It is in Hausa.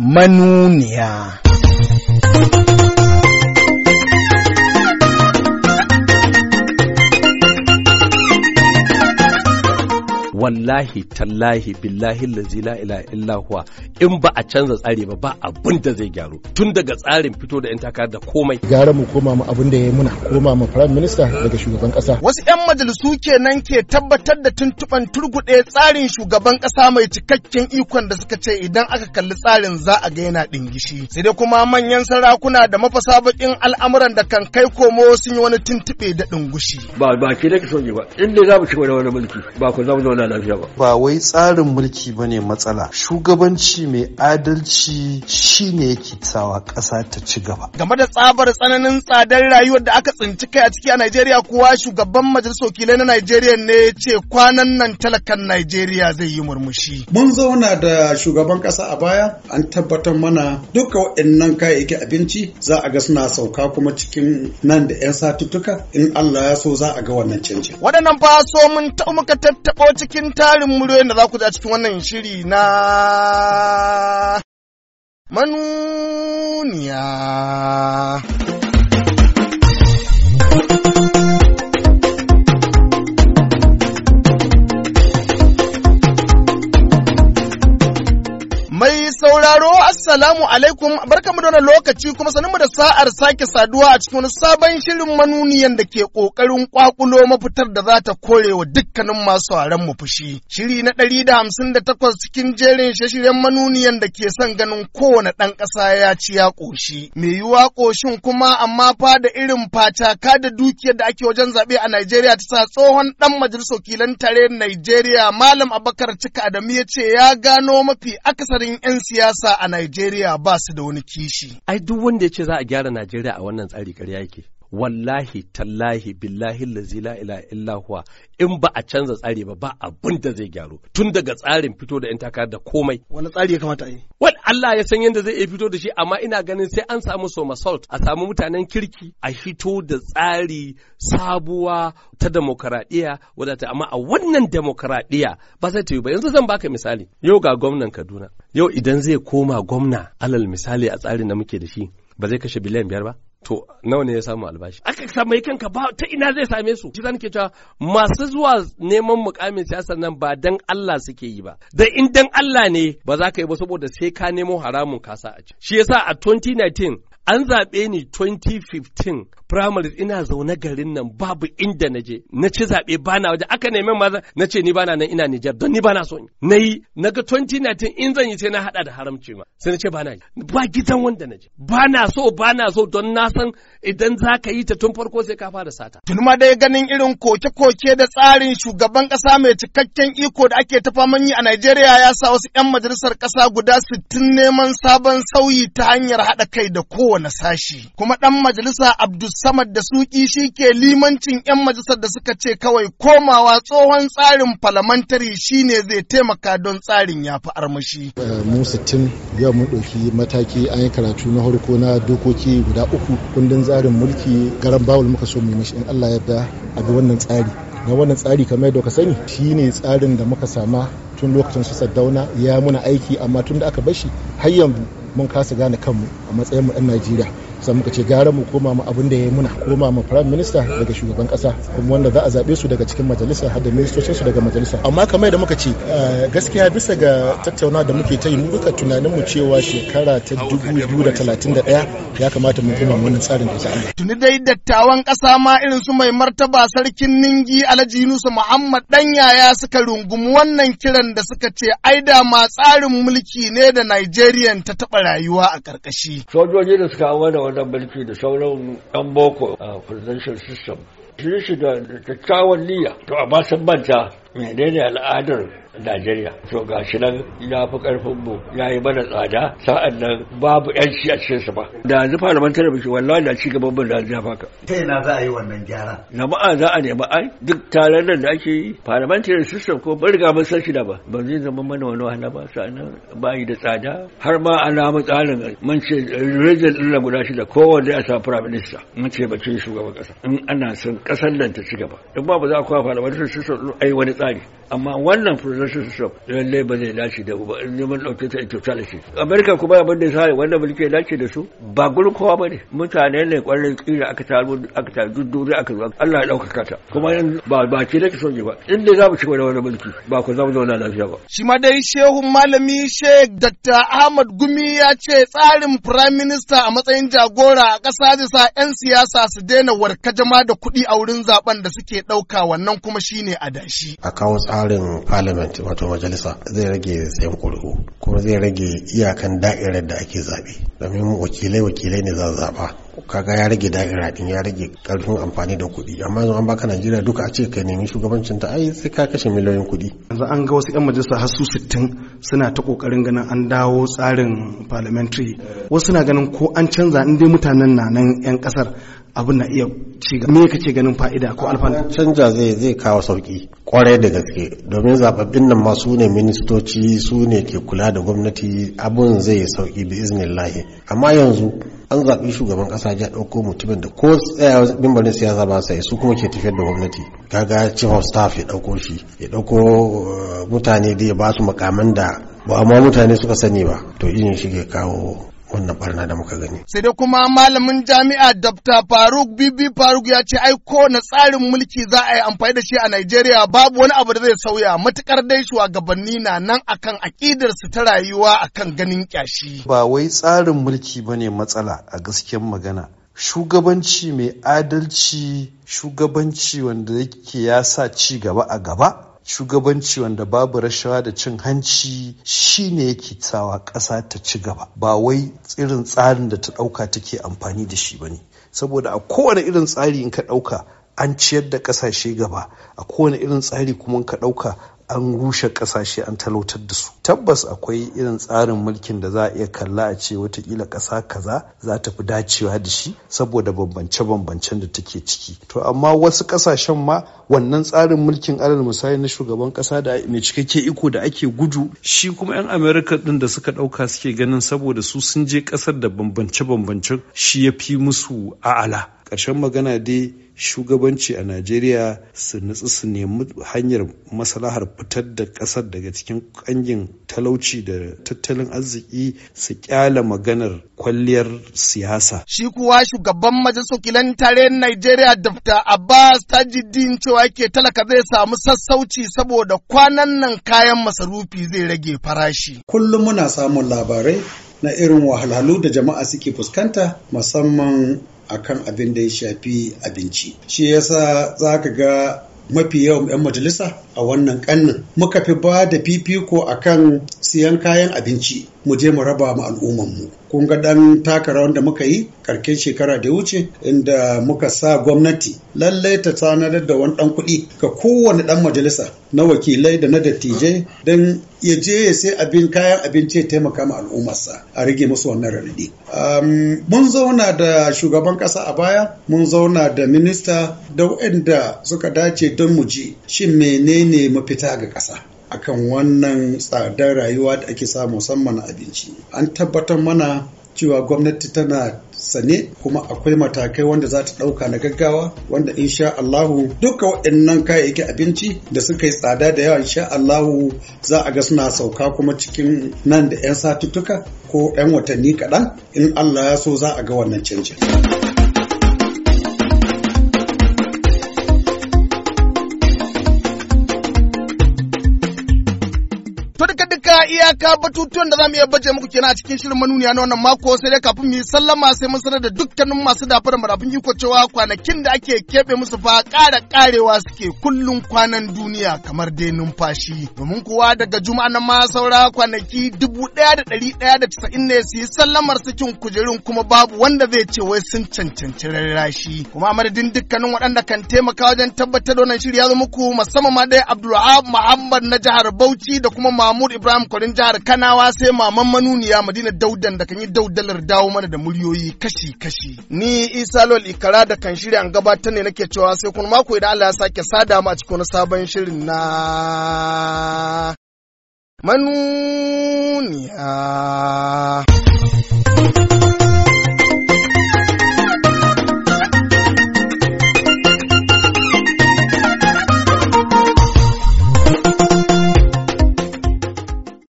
manuniya. wallahi tallahi billahi lazi la ila illahuwa in ba a canza tsari ba ba abun da zai gyaru tun daga tsarin fito da 'yan takarar da komai gara mu koma mu abun da ya muna koma mu prime minister daga shugaban kasa wasu 'yan majalisu kenan ke tabbatar da tuntuban turgude tsarin shugaban kasa mai cikakken ikon da suka ce idan aka kalli tsarin za a ga yana dingishi sai dai kuma manyan sarakuna da mafasa bakin al'amuran da kan kai komo sun yi wani tuntube da dingushi ba ba ke da ka soke ba inda za mu ci wani mulki ba ku za mu zauna lafiya ba ba wai tsarin mulki ba ne matsala shugabanci mai adalci shine yake sawa ƙasa ta ci gaba game da tsabar tsananin tsadar rayuwar da aka tsinci kai a ciki a Najeriya kuwa shugaban majalisar wakilai na Najeriya ne ce kwanan nan talakan Najeriya zai yi murmushi mun zauna da shugaban ƙasa a baya an tabbatar mana duka waɗannan kayayyakin abinci za a ga suna sauka kuma cikin nan da 'yan satuttuka in Allah ya so za a ga wannan canji waɗannan ba so mun taɓa muka tattaɓo cikin cikin tarin muryoyin da za ku ji a cikin wannan shiri na manuniya. Assalamu alaikum barkamu da wannan lokaci kuma sanin mu da sa'ar sake saduwa a cikin sabon shirin manuniyan da ke kokarin kwakulo mafitar da za ta kore wa dukkanin masu haren mu fushi. Shiri na ɗari da hamsin da takwas cikin jerin shashiren manuniyan da ke son ganin kowane ɗan ƙasa ya ci ya ƙoshi. Me yiwuwa ƙoshin kuma amma fa da irin facaka da dukiyar da ake wajen zaɓe a Najeriya ta sa tsohon ɗan majalisar wakilan tare Najeriya Malam Abakar Cika Adamu ya ce ya gano mafi akasarin 'yan siyasa a Najeriya. Najeriya ba su da wani kishi. Ai duk wanda ya ce za a gyara Najeriya a wannan tsari ƙarya yake. wallahi tallahi billahi lazi la ila illa huwa in ba a canza tsari ba ba abun da zai gyaru tun daga tsarin fito da yan da komai wani tsari ya kamata yi wani Allah ya san yadda zai iya fito da shi amma ina ganin sai an samu soma salt a samu mutanen kirki a fito da tsari sabuwa ta demokaradiyya wadata amma a wannan demokaradiyya ba sai ta yi ba yanzu zan baka misali yau ga gwamnan Kaduna yau idan zai koma gwamna alal misali a tsarin da muke da shi ba zai kashe biliyan biyar ba to nawa ne ya samu albashi aka samu ka ba ta ina zai same su shi ke cewa masu zuwa neman mukamin siyasar nan ba dan Allah suke yi ba da in dan Allah ne ba za ka yi ba saboda sai ka nemo haramun kasa a ci shi yasa a 2019 an zaɓe ni 2015 primaries ina zaune garin nan babu inda na je na ci zaɓe ba na waje aka nemi maza na ce ni bana nan ina Nijar don ni bana son na yi na ga 2019 in zan yi sai na haɗa da haramci ma sai na ce ba na yi ba gidan wanda na je bana so bana so don na san idan za ka yi ta tun farko sai ka fara sata. Tun ma dai ganin irin koke-koke da tsarin shugaban ƙasa mai cikakken iko da ake ta faman yi a Najeriya ya sa wasu 'yan majalisar ƙasa guda sittin neman sabon sauyi ta hanyar haɗa kai da kowane kowane sashi kuma ɗan majalisa Abdulsamad da Suki shi ke limancin 'yan majalisar da suka ce kawai komawa tsohon tsarin falamantari ne zai taimaka don tsarin ya fi armashi. Eh, mu sittin yau mun ɗauki mataki an yi karatu na harko na dokoki guda uku kundin tsarin mulki garan bawul muka so mu mashi in Allah ya yarda a wannan tsari. Na wannan tsari kamar yadda ka sani shine tsarin da muka sama tun lokacin su saddauna ya muna aiki amma tun da aka bashi har yanzu mun kasa gane kanmu a matsayin mu ɗan najeriya sai muka ce gara mu koma mu abin da ya yi muna koma mu prime minister daga shugaban kasa kuma wanda za a zaɓe su daga cikin majalisa har da ministocin su daga majalisa amma kamar da muka ce eh, gaskiya bisa ga tattauna da muke ta yi duka tunanin mu cewa shekara ta 2031 ya kamata mu koma wannan tsarin da tuni dai dattawan kasa ma irin su mai martaba sarkin ningi Alhaji yunusu Muhammad dan yaya suka rungumi wannan kiran da suka ce ai da ma tsarin mulki ne da Nigerian ta taba rayuwa a karkashi sojoji da suka hawa salon mulki da sauran yan boko a presidential system shi shi da kyakkyawan niyya to amma sun manta menene al'adar Najeriya to ga shi nan ya fi karfin mu ya yi mana tsada sa'an nan babu yanci a cikin su ba da yanzu da bishi wallahi da cigaban mu da ya faka ta ina za a yi wannan gyara jama'a za a nemi ai duk taron nan da ake yi parliamentary system ko ban riga mun san shi da ba ba zai zama mana wani wahala ba sa'an nan bayi da tsada har ma alamun tsarin mun ce rijin ɗin guda shida kowanne a sa prime minister mun ce bakin shugaban ƙasa in ana son ƙasar nan ta ci gaba in ba ba za a kawo parliamentary system ai wani רגע. amma wannan professorship lallai ba zai dace da ba neman ɗauke ta intellectuality america kuma abin da sai wanda mulki ya dace da su ba gurin kowa ba ne mutane ne ƙwarin tsira aka taro aka taro duddure aka zo Allah ya ɗaukaka ta kuma ba ba ke da son ba in dai za mu ci gaba da wani mulki ba ku za mu zauna lafiya ba shi ma dai shehu malami sheikh dr ahmad gumi ya ce tsarin prime minister a matsayin jagora a ƙasa zai sa 'yan siyasa su daina warkajama da kuɗi a wurin zaben da suke ɗauka wannan kuma shine adashi a kawo tsarin parliament wato majalisa zai rage tsayin kuri'u kuma zai rage iyakan da'irar da ake zaɓe domin wakilai wakilai ne za zaɓa kaga ya rage da'ira din ya rage karfin amfani da kuɗi amma yanzu an baka Najeriya duka a ce ka nemi shugabancin ta ai sai ka kashe miliyoyin kuɗi yanzu an ga wasu 'yan majalisa har su 60 suna ta kokarin ganin an dawo tsarin parliamentary wasu na ganin ko an canza in dai mutanen na nan 'yan kasar abin na iya ci gaba me kace ganin fa'ida ko alfanu canja zai zai kawo sauki kwarai da gaske domin zababbin nan ma su ne ministoci su ne ke kula da gwamnati abun zai sauki bi iznillahi amma yanzu an zaɓi shugaban ƙasa ya ɗauko mutumin da ko tsaya eh, mimbarin siyasa ba sai su kuma ke tafiyar da gwamnati kaga chief of staff ya dauko shi ya ɗauko eh, mutane da ya ba su makaman da ba amma mutane suka sani ba to irin shi ke kawo wannan barna da muka gani. Sai dai kuma malamin jami'a Dr. Faruk Bibi Faruk ya ce ai ko na tsarin mulki za a yi amfani da shi a Najeriya babu wani abu da zai sauya matukar dai shugabanni na nan akan akidar su ta rayuwa akan ganin kyashi. Ba wai tsarin mulki bane matsala a gaskiyar magana. Shugabanci mai adalci shugabanci wanda yake ya sa ci gaba a gaba shugabanci wanda babu rashawa da cin hanci shine yake sawa ƙasa ta ci gaba ba wai irin tsarin da ta ɗauka take amfani da shi bane saboda a kowane irin tsari in ka ɗauka an ciyar da ƙasashe gaba a kowane irin tsari kuma ka ɗauka an rushe kasashe an talautar da su tabbas akwai irin tsarin mulkin da za a iya kalla a ce watakila ƙasa kaza za ta fi dacewa da shi saboda bambance-bambancen da take ciki to amma wasu ƙasashen ma wannan tsarin mulkin alal misali na shugaban ƙasa da mai cikakke iko da ake gudu shi kuma 'yan america din da suka ɗauka suke ganin saboda su sun je ƙasar da bambance-bambancen shi ya fi musu a'ala Karshen magana dai shugabanci a najeriya su nutsu su nemi hanyar maslahar fitar da ƙasar daga cikin ƙangin talauci da tattalin arziki su kyala maganar kwalliyar siyasa shi kuwa shugaban majalisar kilan tare najeriya dafta abbas tajiddin cewa ke talaka zai samu sassauci saboda kwanan nan kayan masarufi zai rage farashi kullum muna samun labarai na irin wahalhalu da jama'a suke fuskanta musamman akan abin da ya shafi abinci shi yasa za ka ga mafi yawan 'yan majalisa a wannan kannin muka fi ba da fifiko a kan siyan kayan abinci mu je mu raba ma al'ummanmu kun ga dan taka rawan da muka yi karken shekara da wuce inda muka sa gwamnati lallai ta tanadar da wani dan kuɗi ga kowane dan majalisa na wakilai da na dattijai don ya je ya sai abin kayan abinci ya taimaka ma al'ummarsa a rage musu wannan raɗaɗi. mun zauna da shugaban ƙasa a baya mun zauna da minista da waɗanda suka dace don mu ji shin menene ne mafita ga ƙasa akan wannan tsadar rayuwa da ake samu musamman abinci an tabbatar mana cewa gwamnati tana sane kuma akwai matakai wanda za ta ɗauka na gaggawa wanda insha Allahu duka waɗannan kayayyakin abinci da suka yi tsada da yawa insha Allahu za a ga suna sauka kuma cikin nan da 'yan satuttuka ko 'yan watanni kaɗan in Allah ya so za a ga wannan canjin. ga iyaka batutuwan da za mu iya baje muku kenan a cikin shirin manuniya na wannan mako sai dai kafin mu yi sallama sai mun sanar da dukkanin masu dafara marafin iko cewa kwanakin da ake keɓe musu fa ƙara ƙarewa suke kullum kwanan duniya kamar dai numfashi domin kuwa daga juma'a na ma saura kwanaki dubu ɗaya da ɗari ɗaya da casa'in ne su yi sallamar sakin kujerun kuma babu wanda zai ce wai sun cancanci rarrashi kuma a madadin dukkanin waɗanda kan taimaka wajen tabbatar da wannan shiri ya zo muku musamman ma dai Abdulrahman Muhammad na jihar Bauchi da kuma Mahmud Ibrahim amkwarin jihar Kanawa sai maman manuniya Madina Daudan da kan yi daudalar dawo mana da muryoyi kashi-kashi. Ni Isa Lol Ikara da kan shirya an gabatar ne nake cewa sai kun mako idan Allah ya sake sada mu a cikin wani sabon shirin na manuniya.